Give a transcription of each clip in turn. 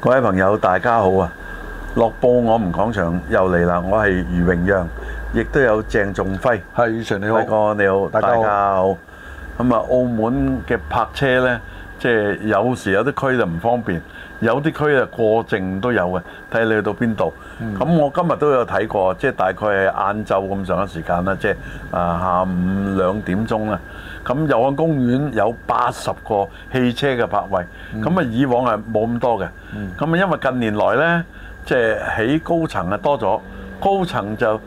各位朋友，大家好啊！樂報我們講場又嚟啦，我係余榮讓，亦都有鄭仲輝。係余常你好，輝哥你好，大家好。咁啊，澳門嘅泊車呢，即係有時有啲區就唔方便，有啲區啊過剩都有嘅，睇你去到邊度。咁，嗯，我今日都有睇過，即係大概係晏晝咁長嘅時間啦，即係下午兩點鐘啦。就是咁佑漢公園有八十個汽車嘅泊位，咁啊以往係冇咁多嘅，咁啊因為近年來咧，即係起高層啊多咗，高層就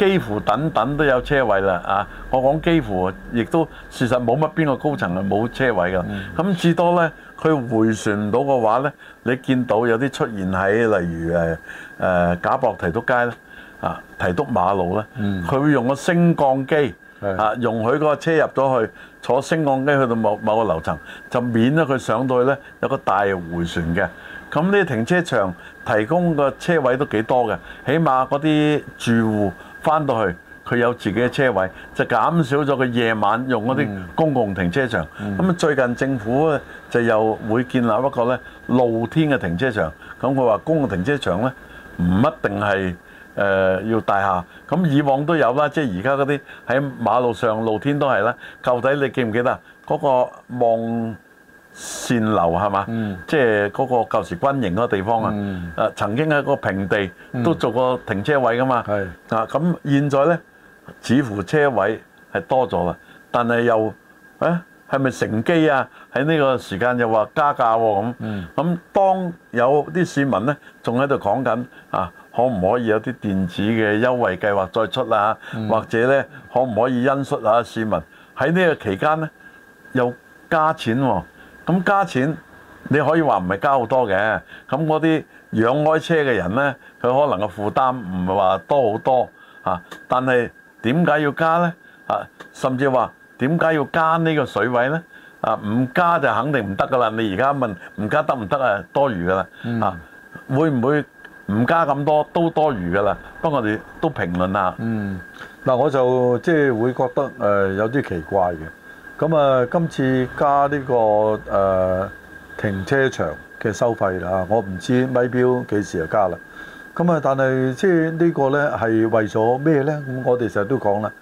幾乎等等都有車位啦啊！我講幾乎，亦都事實冇乜邊個高層係冇車位㗎，咁至多咧，佢迴旋唔到嘅話咧，你見到有啲出現喺例如誒誒賈伯提督街咧，啊提督馬路咧，佢會用個升降機。啊！容許嗰個車入咗去，坐升降機去到某某個樓層，就免咗佢上到去呢有個大迴旋嘅。咁呢停車場提供個車位都幾多嘅，起碼嗰啲住戶翻到去，佢有自己嘅車位，就減少咗佢夜晚用嗰啲公共停車場。咁、嗯、最近政府就又會建立一個呢露天嘅停車場。咁佢話公共停車場呢唔一定係。誒、呃、要大下，咁、嗯嗯、以往都有啦，即係而家嗰啲喺馬路上、露天都係啦。舊底你記唔記得嗰個望線樓係嘛？嗯，即係嗰個舊時軍營嗰個地方啊。嗯、呃，曾經喺個平地都做過停車位㗎嘛。係、嗯、啊，咁現在呢，似乎車位係多咗啦，但係又啊，係、哎、咪乘機啊？喺呢個時間又話加價喎、啊、咁。咁、嗯嗯嗯嗯、當有啲市民呢，仲喺度講緊啊。啊可唔可以有啲電子嘅優惠計劃再出啊？嗯、或者呢，可唔可以恩恤下市民喺呢個期間呢？又加錢喎、哦？咁加錢你可以話唔係加好多嘅，咁嗰啲養開車嘅人呢，佢可能個負擔唔係話多好多啊。但係點解要加呢？啊，甚至話點解要加呢個水位呢？啊，唔加就肯定唔得㗎喇！你而家問唔加得唔得啊？多餘㗎喇，啊，會唔會？唔加咁多都多餘嘅啦，不過我哋都評論啦。嗯，嗱，我就即係、就是、會覺得誒、呃、有啲奇怪嘅。咁、嗯、啊，今次加呢、這個誒、呃、停車場嘅收費啦、啊，我唔知咪表幾時又加啦。咁、嗯就是、啊，但係即係呢個咧係為咗咩咧？咁我哋成日都講啦，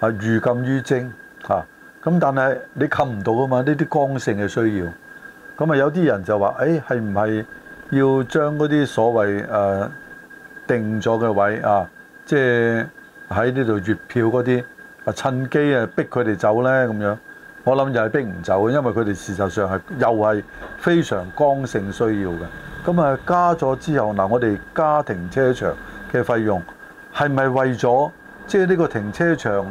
係寓禁於徵。嚇、啊。咁、嗯、但係你禁唔到嘅嘛？呢啲剛性嘅需要。咁、嗯、啊，有啲人就話，誒係唔係？是要將嗰啲所謂誒、呃、定咗嘅位啊，即係喺呢度月票嗰啲，啊，趁機啊，逼佢哋走呢。咁樣，我諗又係逼唔走，因為佢哋事實上係又係非常剛性需要嘅。咁啊，加咗之後，嗱、啊、我哋加停車場嘅費用係咪為咗即係呢個停車場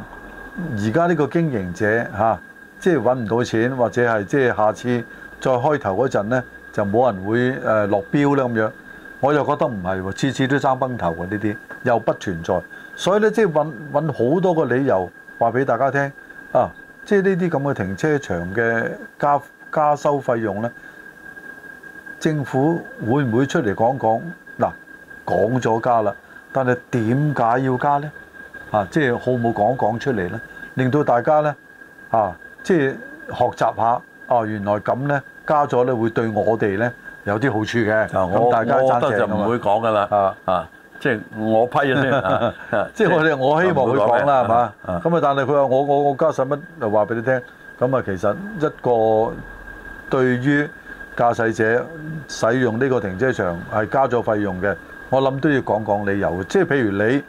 而家呢個經營者嚇，即係揾唔到錢，或者係即係下次再開頭嗰陣呢？就冇人會誒落標，咧，咁樣，我就覺得唔係喎，次次都爭崩頭喎，呢啲又不存在，所以咧，即係揾好多個理由話俾大家聽啊，即係呢啲咁嘅停車場嘅加加收費用呢，政府會唔會出嚟講講嗱、啊、講咗加啦，但係點解要加呢？啊？即係好冇講講出嚟呢？令到大家呢，啊，即係學習下啊，原來咁呢。加咗咧會對我哋咧有啲好處嘅，咁我大家揸車就唔會講㗎嘛。啊啊，即係我批嘅啫。 即係我哋，啊、我希望佢講啦，係嘛。咁吧啊，但係佢話我我我加使乜，就話俾你聽。咁啊，其實一個對於駕駛者使用呢個停車場係加咗費用嘅，我諗都要講講理由。即係譬如你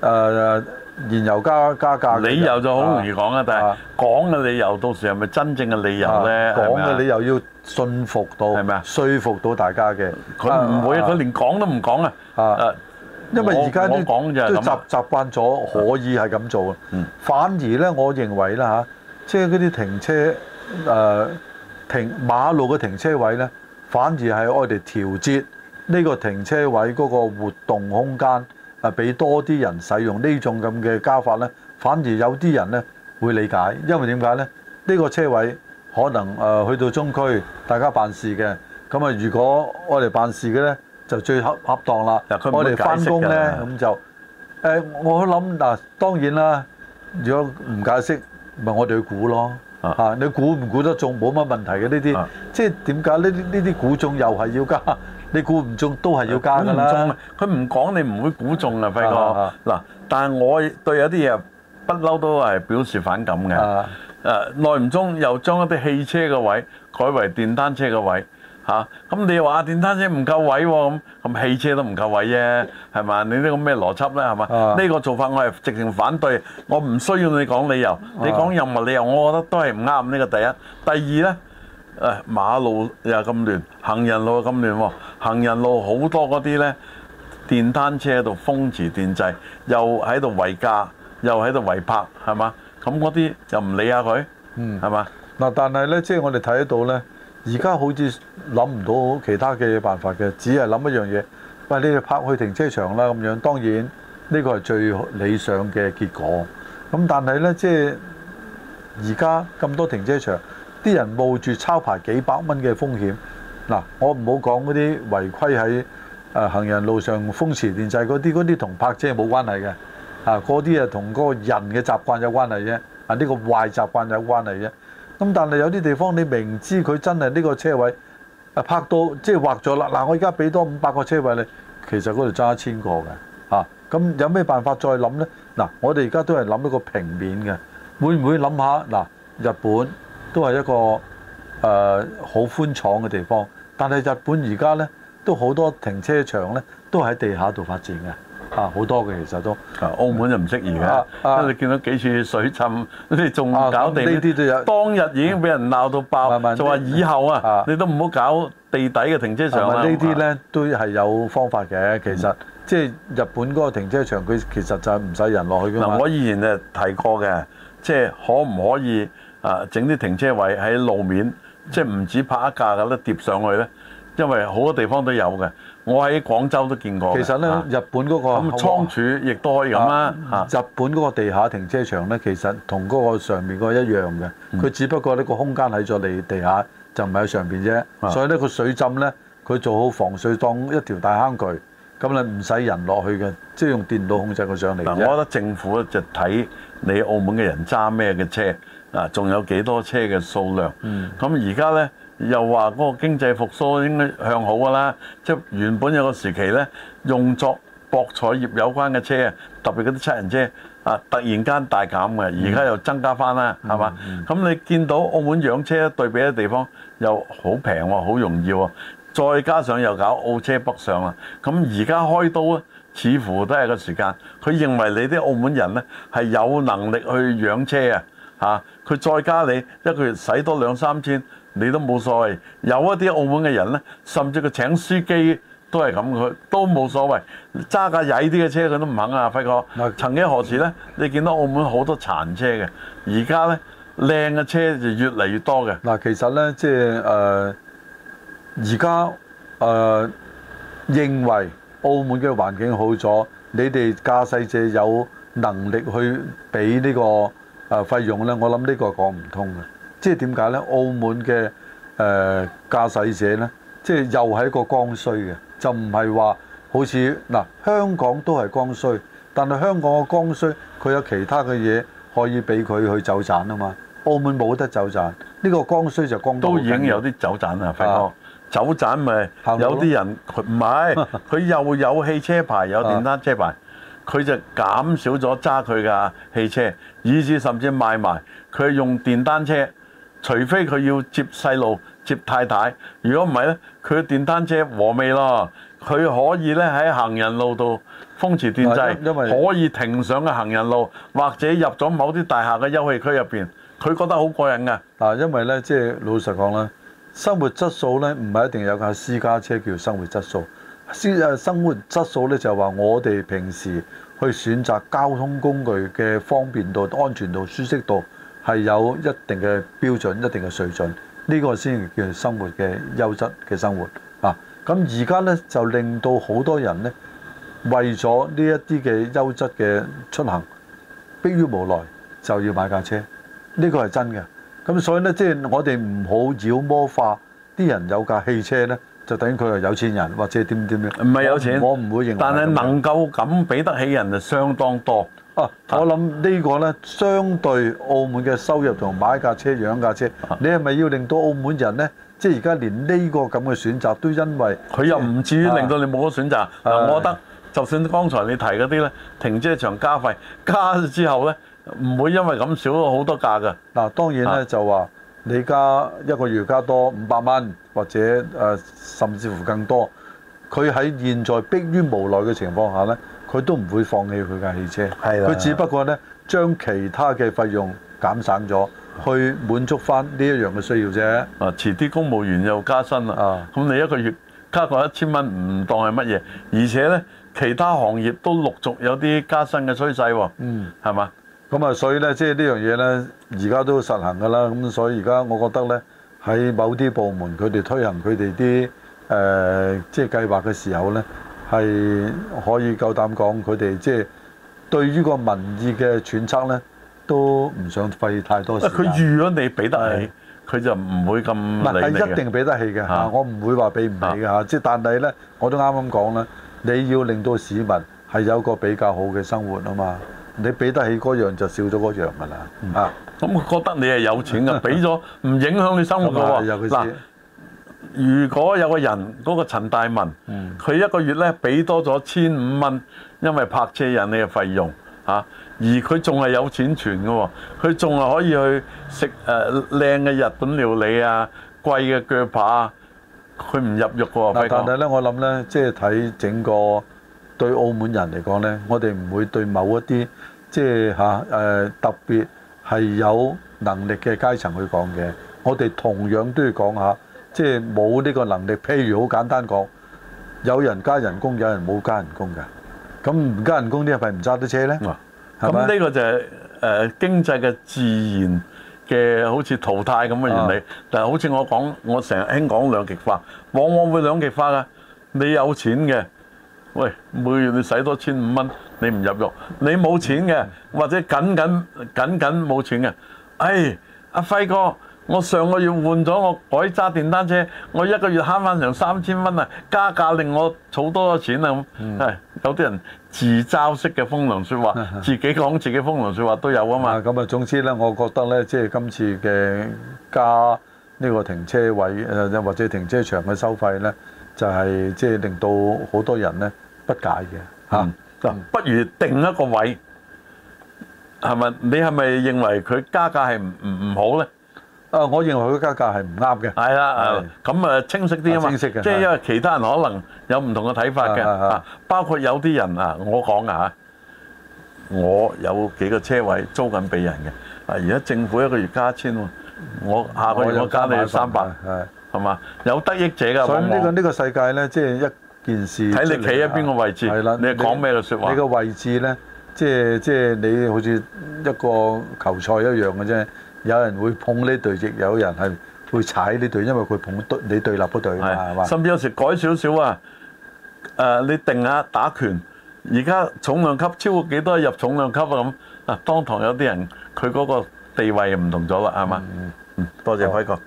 誒。啊燃油加加價，理由就好容易講啦，但係講嘅理由到時係咪真正嘅理由咧？講嘅理由要信服到係咪啊？說服到大家嘅，佢唔會，佢連講都唔講啊！啊，因為而家都習習慣咗可以係咁做。嗯，反而咧，我認為啦嚇，即係嗰啲停車誒停馬路嘅停車位咧，反而係我哋調節呢個停車位嗰個活動空間。誒俾、啊、多啲人使用呢種咁嘅加法咧，反而有啲人咧會理解，因為點解咧？呢、呢個車位可能誒、呃、去到中區，大家辦事嘅，咁、嗯、啊如果我哋辦事嘅咧，就最恰合，恰當啦、呃。我哋翻工咧，咁就誒，我諗嗱，當然啦，如果唔解釋，咪我哋去估咯嚇、啊啊，你估唔估得中冇乜問題嘅呢啲，即係點解呢啲呢啲估中又係要，要加？你估唔中都係要加㗎啦，佢唔講你唔會估中啊，輝哥。嗱，但係我對有啲嘢不嬲都係表示反感嘅。誒，耐唔中又將一啲汽車嘅位改為電單車嘅位，嚇。咁你話電單車唔夠位喎，咁咁汽車都唔夠位啫，係嘛？你呢個咩邏輯咧？係嘛？呢個做法我係直情反對，我唔需要你講理由，你講任何理由，我覺得都係唔啱，呢個第一。第二咧。誒、哎、馬路又咁亂，行人路又咁亂喎，啊，行人路好多嗰啲呢電單車喺度風馳電掣，又喺度違架，又喺度違泊，係嘛？咁嗰啲又唔理下佢，嗯，係嘛？嗱，但係呢，即係我哋睇到呢，而家好似諗唔到其他嘅辦法嘅，只係諗一樣嘢，喂，你哋泊去停車場啦咁樣。當然呢個係最理想嘅結果。咁但係呢，即係而家咁多停車場。啲人冒住抄牌幾百蚊嘅風險，嗱，我唔好講嗰啲違規喺誒行人路上風馳電掣，就係嗰啲嗰啲同泊車冇關係嘅，嚇，嗰啲啊同嗰個人嘅習慣有關係啫，啊呢個壞習慣有關係啫。咁但係有啲地方你明知佢真係呢個車位啊泊到即係劃咗啦，嗱我而家俾多五百個車位你，其實嗰度爭一千個嘅嚇，咁有咩辦法再諗呢？嗱，我哋而家都係諗一個平面嘅，會唔會諗下嗱日本？都係一個誒好寬敞嘅地方，但係日本而家呢，都好多停車場呢，都喺地下度發展嘅啊。好多嘅其實都啊，澳門就唔適宜嘅。forcément, 啊啊、因為你見到幾處水浸，你仲搞地呢？啊、呢啲都有當日已經俾人鬧到爆啊嘛，就話以後啊，啊你都唔好搞地底嘅停車場啦、啊。啊、呢啲咧都係有方法嘅、嗯，其實即係日本嗰個停車場，佢其實就係唔使人落去㗎，我以前誒提過嘅，即係可唔可以？啊！整啲停車位喺路面，即係唔止拍一架，有得疊上去呢，因為好多地方都有嘅，我喺廣州都見過。其實呢，日本嗰、那個倉儲亦都係咁啦。日本嗰個地下停車場呢，其實同嗰個上面嗰一樣嘅，佢、嗯、只不過呢個空間喺咗地地下，就唔係喺上邊啫。啊、所以呢個水浸呢，佢做好防水，當一條大坑渠，咁你唔使人落去嘅，即、就、係、是、用電腦控制佢上嚟、啊。我覺得政府就睇你澳門嘅人揸咩嘅車。嗱，仲有幾多車嘅數量？咁而家呢，又話嗰個經濟復甦應該向好㗎啦。即係原本有個時期呢，用作博彩業有關嘅車啊，特別嗰啲七人車啊，突然間大減嘅，而家又增加翻啦，係嘛？咁你見到澳門養車對比嘅地方又好平，好容易，再加上又搞澳車北上啦，咁而家開刀咧，似乎都係個時間。佢認為你啲澳門人呢，係有能力去養車啊！嚇！佢再加你一個月使多兩三千，你都冇所謂。有一啲澳門嘅人呢，甚至佢請司機都係咁，佢都冇所謂。揸架曳啲嘅車佢都唔肯啊！輝哥。曾幾何時呢，你見到澳門好多殘車嘅，而家呢，靚嘅車就越嚟越多嘅嗱。其實呢，即係而家誒認為澳門嘅環境好咗，你哋駕駛者有能力去俾呢個，誒費、啊、用咧，我諗呢個講唔通嘅，即係點解呢？澳門嘅誒、呃、駕駛者呢，即係又係一個剛需嘅，就唔係話好似嗱香港都係剛需，但係香港嘅剛需佢有其他嘅嘢可以俾佢去走盞啊嘛，澳門冇得走盞，呢、這個剛需就剛剛好。都已經有啲走盞啦，飛哥，啊、走盞咪有啲人唔係，佢又有汽車牌，有電單車牌。啊啊佢就減少咗揸佢嘅汽車，以至甚至賣埋佢用電單車。除非佢要接細路、接太太，如果唔係呢佢電單車和味咯。佢可以呢喺行人路度風馳電掣，因為因為可以停上嘅行人路，或者入咗某啲大廈嘅休息區入邊，佢覺得好過癮嘅嗱。因為呢，即係老實講啦，生活質素呢，唔係一定有架私家車叫生活質素。先生活質素咧，就係話我哋平時去選擇交通工具嘅方便度、安全度、舒適度係有一定嘅標準、一定嘅水準，呢個先叫生活嘅優質嘅生活啊！咁而家呢，就令到好多人呢，為咗呢一啲嘅優質嘅出行，迫於無奈就要買架車，呢個係真嘅。咁所以呢，即係我哋唔好妖魔化啲人有架汽車呢。就等於佢係有錢人，或者點點點。唔係有錢，我唔會認。但係能夠咁俾得起人就相當多。哦、啊，啊、我諗呢個呢，相對澳門嘅收入同買一架車、養架車，啊、你係咪要令到澳門人呢？即係而家連呢個咁嘅選擇都因為佢又唔至於令到你冇咗選擇。啊啊、我覺得就算剛才你提嗰啲呢，停車場加費加之後呢，唔會因為咁少咗好多架㗎。嗱、啊，當然呢，就話。你加一個月加多五百蚊，或者誒、呃、甚至乎更多，佢喺現在迫於無奈嘅情況下呢，佢都唔會放棄佢嘅汽車。係啦的，佢只不過呢將其他嘅費用減省咗，去滿足翻呢一樣嘅需要啫。啊，遲啲公務員又加薪啦。啊，咁你一個月加個一千蚊，唔當係乜嘢？而且呢，其他行業都陸續有啲加薪嘅趨勢喎、哦。嗯，係嘛？咁啊、嗯，所以咧，即係呢樣嘢咧，而家都實行噶啦。咁所以而家，我覺得咧，喺某啲部門，佢哋推行佢哋啲誒，即係計劃嘅時候咧，係可以夠膽講佢哋即係對於個民意嘅揣測咧，都唔想費太多時間，佢預咗你俾得起，佢是就唔會咁理你，係一定俾得起嘅，吓、啊，我唔會話俾唔起嘅。吓、啊，即係但係咧，我都啱啱講啦，你要令到市民係有個比較好嘅生活啊嘛。你俾得起嗰樣就少咗嗰樣啦、啊嗯，啊！咁覺得你係有錢嘅，俾咗唔影響你生活嘅嗱、哦嗯，如果有個人嗰、那個陳大文，佢、嗯、一個月咧俾多咗千五蚊，因為拍攝人嘅費用嚇、啊，而佢仲係有錢存嘅喎、哦，佢仲係可以去食誒靚嘅日本料理啊、貴嘅鋸扒啊，佢唔入肉喎、哦。嗯、講但係咧，我諗咧，即係睇整個。對澳門人嚟講呢，我哋唔會對某一啲即係嚇誒特別係有能力嘅階層去講嘅，我哋同樣都要講下，即係冇呢個能力。譬如好簡單講，有人加人工，有人冇加人工嘅，咁唔加人工呢係咪唔揸得車呢？咁呢個就係誒經濟嘅自然嘅好似淘汰咁嘅原理。但係好似我講，我成日興講兩極化，往往會兩極化噶。你有錢嘅。喂，每月你使多千五蚊，你唔入肉，你冇錢嘅，或者僅僅僅僅冇錢嘅。唉，阿輝哥，我上個月換咗，我改揸電單車，我一個月慳翻成三千蚊啊！加價令我儲多咗錢啊！咁係、嗯、有啲人自嘲式嘅風涼説話，嗯、自己講自己風涼説話都有啊嘛。咁啊、嗯，總之咧，我覺得咧，即係今次嘅加呢個停車位誒，或者停車場嘅收費咧，就係即係令到好多人咧。不解嘅嚇，不如定一個位係咪？你係咪認為佢加價係唔唔好咧？啊，我認為佢加價係唔啱嘅。係啦，咁啊清晰啲啊嘛，清晰嘅。即係因為其他人可能有唔同嘅睇法嘅，包括有啲人啊，我講啊嚇，我有幾個車位租緊俾人嘅。啊，而家政府一個月加一千，我下個月我加你三百，係係嘛？有得益者㗎。所以呢個呢個世界咧，即係一。件事睇你企喺邊個位置，你講咩嘅説話？你個位置呢，即係即係你好似一個球賽一樣嘅啫。有人會碰呢隊，亦有人係會踩呢隊，因為佢碰對你對立嗰隊嘛，係嘛？甚至有時改少少啊！誒，你定下打拳，而家重量級超過幾多入重量級啊？咁啊，當堂有啲人佢嗰個地位唔同咗啦，係嘛？多謝輝哥。